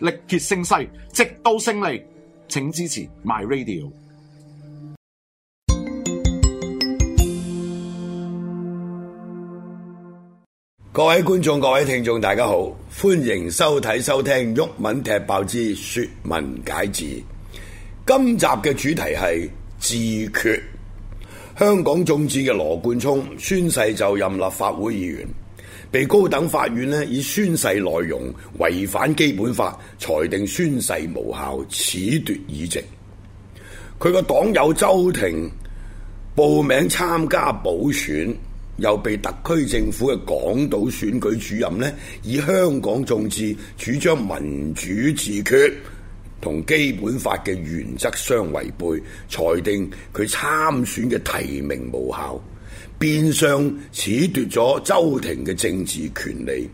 力竭勝勢，直到勝利。請支持 My Radio。各位觀眾、各位聽眾，大家好，歡迎收睇、收聽《毓民踢爆之説文解字》。今集嘅主題係自決。香港眾志嘅羅冠聰宣誓就任立法會議員。被高等法院咧以宣誓內容違反基本法，裁定宣誓無效，褫奪議席。佢個黨友周庭報名參加補選，又被特區政府嘅港島選舉主任咧以香港眾志主張民主自決同基本法嘅原則相違背，裁定佢參選嘅提名無效。變相褫奪咗周庭嘅政治權利。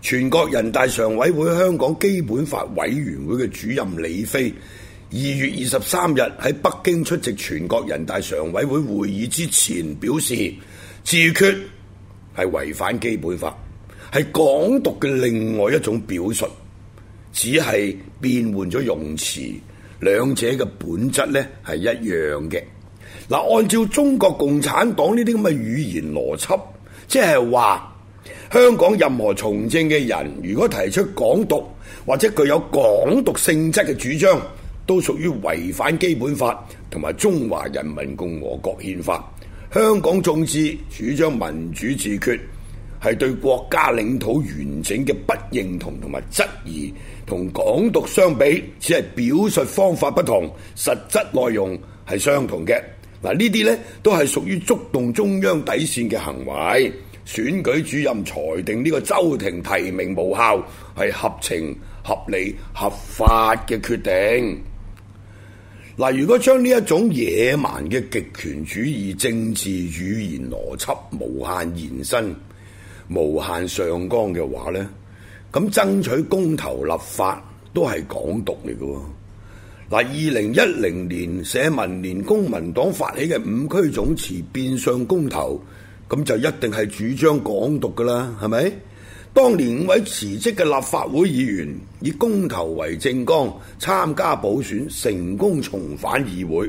全國人大常委會香港基本法委員會嘅主任李飛，二月二十三日喺北京出席全國人大常委會會議之前表示，自決係違反基本法，係港獨嘅另外一種表述，只係變換咗用詞，兩者嘅本質呢係一樣嘅。嗱，按照中國共產黨呢啲咁嘅語言邏輯，即係話香港任何從政嘅人，如果提出港獨或者具有港獨性質嘅主張，都屬於違反基本法同埋中華人民共和國憲法。香港眾志主張民主自決，係對國家領土完整嘅不認同同埋質疑，同港獨相比，只係表述方法不同，實質內容係相同嘅。嗱，呢啲呢都係屬於觸動中央底線嘅行為。選舉主任裁定呢個周庭提名無效，係合情合理合法嘅決定。嗱，如果將呢一種野蠻嘅極權主義政治語言邏輯無限延伸、無限上綱嘅話呢，咁爭取公投立法都係港獨嚟嘅。嗱，二零一零年社民連公民黨發起嘅五區總辭變相公投，咁就一定係主張港獨㗎喇，係咪？當年五位辭職嘅立法會議員以公投為政綱，參加補選，成功重返議會，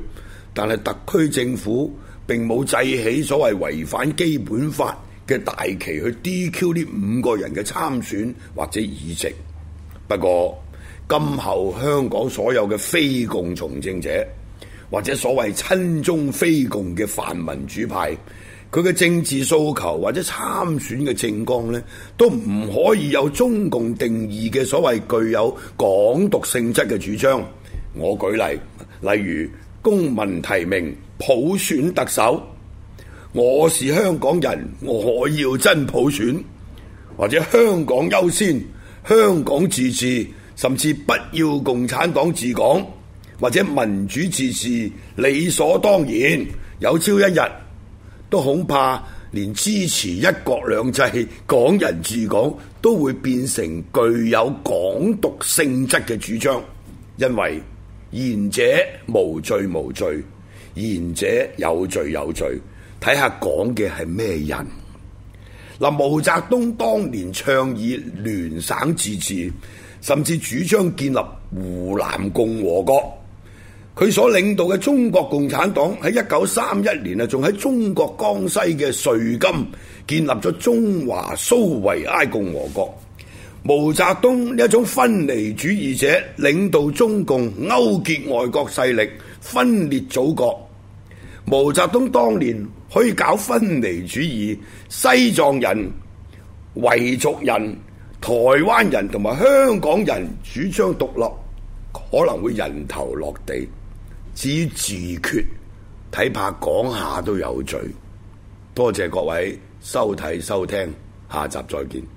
但係特區政府並冇祭起所謂違反基本法嘅大旗去 DQ 呢五個人嘅參選或者議席，不過，今後香港所有嘅非共從政者，或者所謂親中非共嘅泛民主派，佢嘅政治訴求或者參選嘅政綱呢，都唔可以有中共定義嘅所謂具有港獨性質嘅主張。我舉例，例如公民提名普選特首，我是香港人，我可要真普選，或者香港優先、香港自治。甚至不要共產黨治港，或者民主自治，理所當然。有朝一日，都恐怕連支持一國兩制、港人治港，都會變成具有港獨性質嘅主張。因為言者無罪無罪，言者有罪有罪。睇下講嘅係咩人。嗱，毛澤東當年倡議聯省自治。甚至主張建立湖南共和國，佢所領導嘅中國共產黨喺一九三一年啊，仲喺中國江西嘅瑞金建立咗中華蘇維埃共和國。毛澤東呢一種分離主義者，領導中共勾結外國勢力分裂祖國。毛澤東當年可以搞分離主義，西藏人、維族人。台灣人同埋香港人主張獨立，可能會人頭落地。至於自決，睇怕講下都有罪。多謝各位收睇收聽，下集再見。